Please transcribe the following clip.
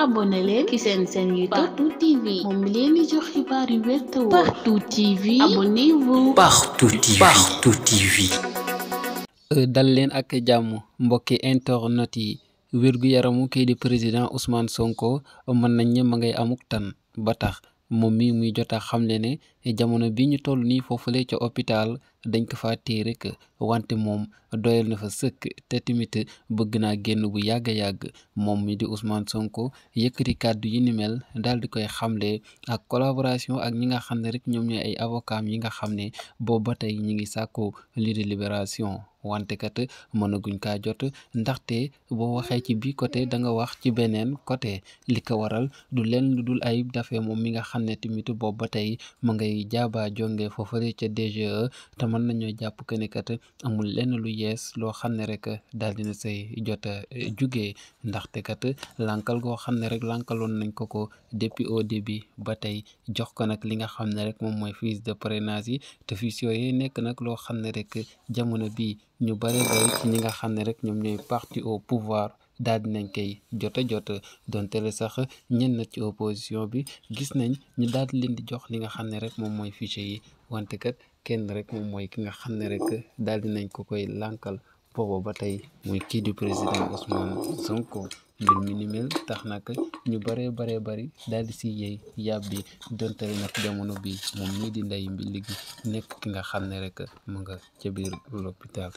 abonné leen ci seen seen Partout TV leen euh, dal leen ak jàmm mbokki internet yi wérgu yaramu kii di président Ousmane Sonko mën nañ ñe ma ngay amuk tan ba tax moom mi muy jota xamle ne jamono bi ñu toll nii foofu foofule ca hôpital dañ ko fa téye rek wante moom doyal na fa sëkk te tamit bëgg naa génn bu yàgg a yàgg moom mi di Ousmane Sonko yëkkati kàddu yi ni mel daal di koy xamle ak collaboration ak ñi nga xam ne rek ñoom ñooy ay avocats yi nga xam ne boobu ba tey ñi ngi sàkku lii di libération. wante kat mënaguñ kaa jot ndaxte boo waxee ci bi côté da nga wax ci beneen côté li ko waral du leen lu dul ay dafee moom mi nga xam ne tamit boobu ba tey Jaaba Jonge foofale ca DGE te mën nañoo jàpp que ne kat amul lenn lu yees loo xam ne rek daal na say jot juge ndaxte kat lankal goo xam ne rek lankaloon nañ ko ko depuis au début ba tey jox ko nag li nga xam ne rek moom mooy fiches de parrainage yi te fiches yooyu nekk nag loo xam ne rek jamono bii ñu bare bare ci ñi nga xam ne rek ñoom ñooy parti au pouvoir daal nañ koy jota jota donte le sax ñenn ci opposition bi gis nañ ñu daal di leen di jox li nga xam ne rek moom mooy fichier yi wante kat kenn rek moom mooy ki nga xam ne rek daal nañ ko koy lànkal booba ba tey muy kii du président Ousmane Sonko mbir mi ni mel tax nag ñu bëree baree bëri daal di si yey yàbbi donte nag jamono bi moom mii di ndey mbi ligi nekk ki nga xam ne rek mu nga ca biir l'hôpital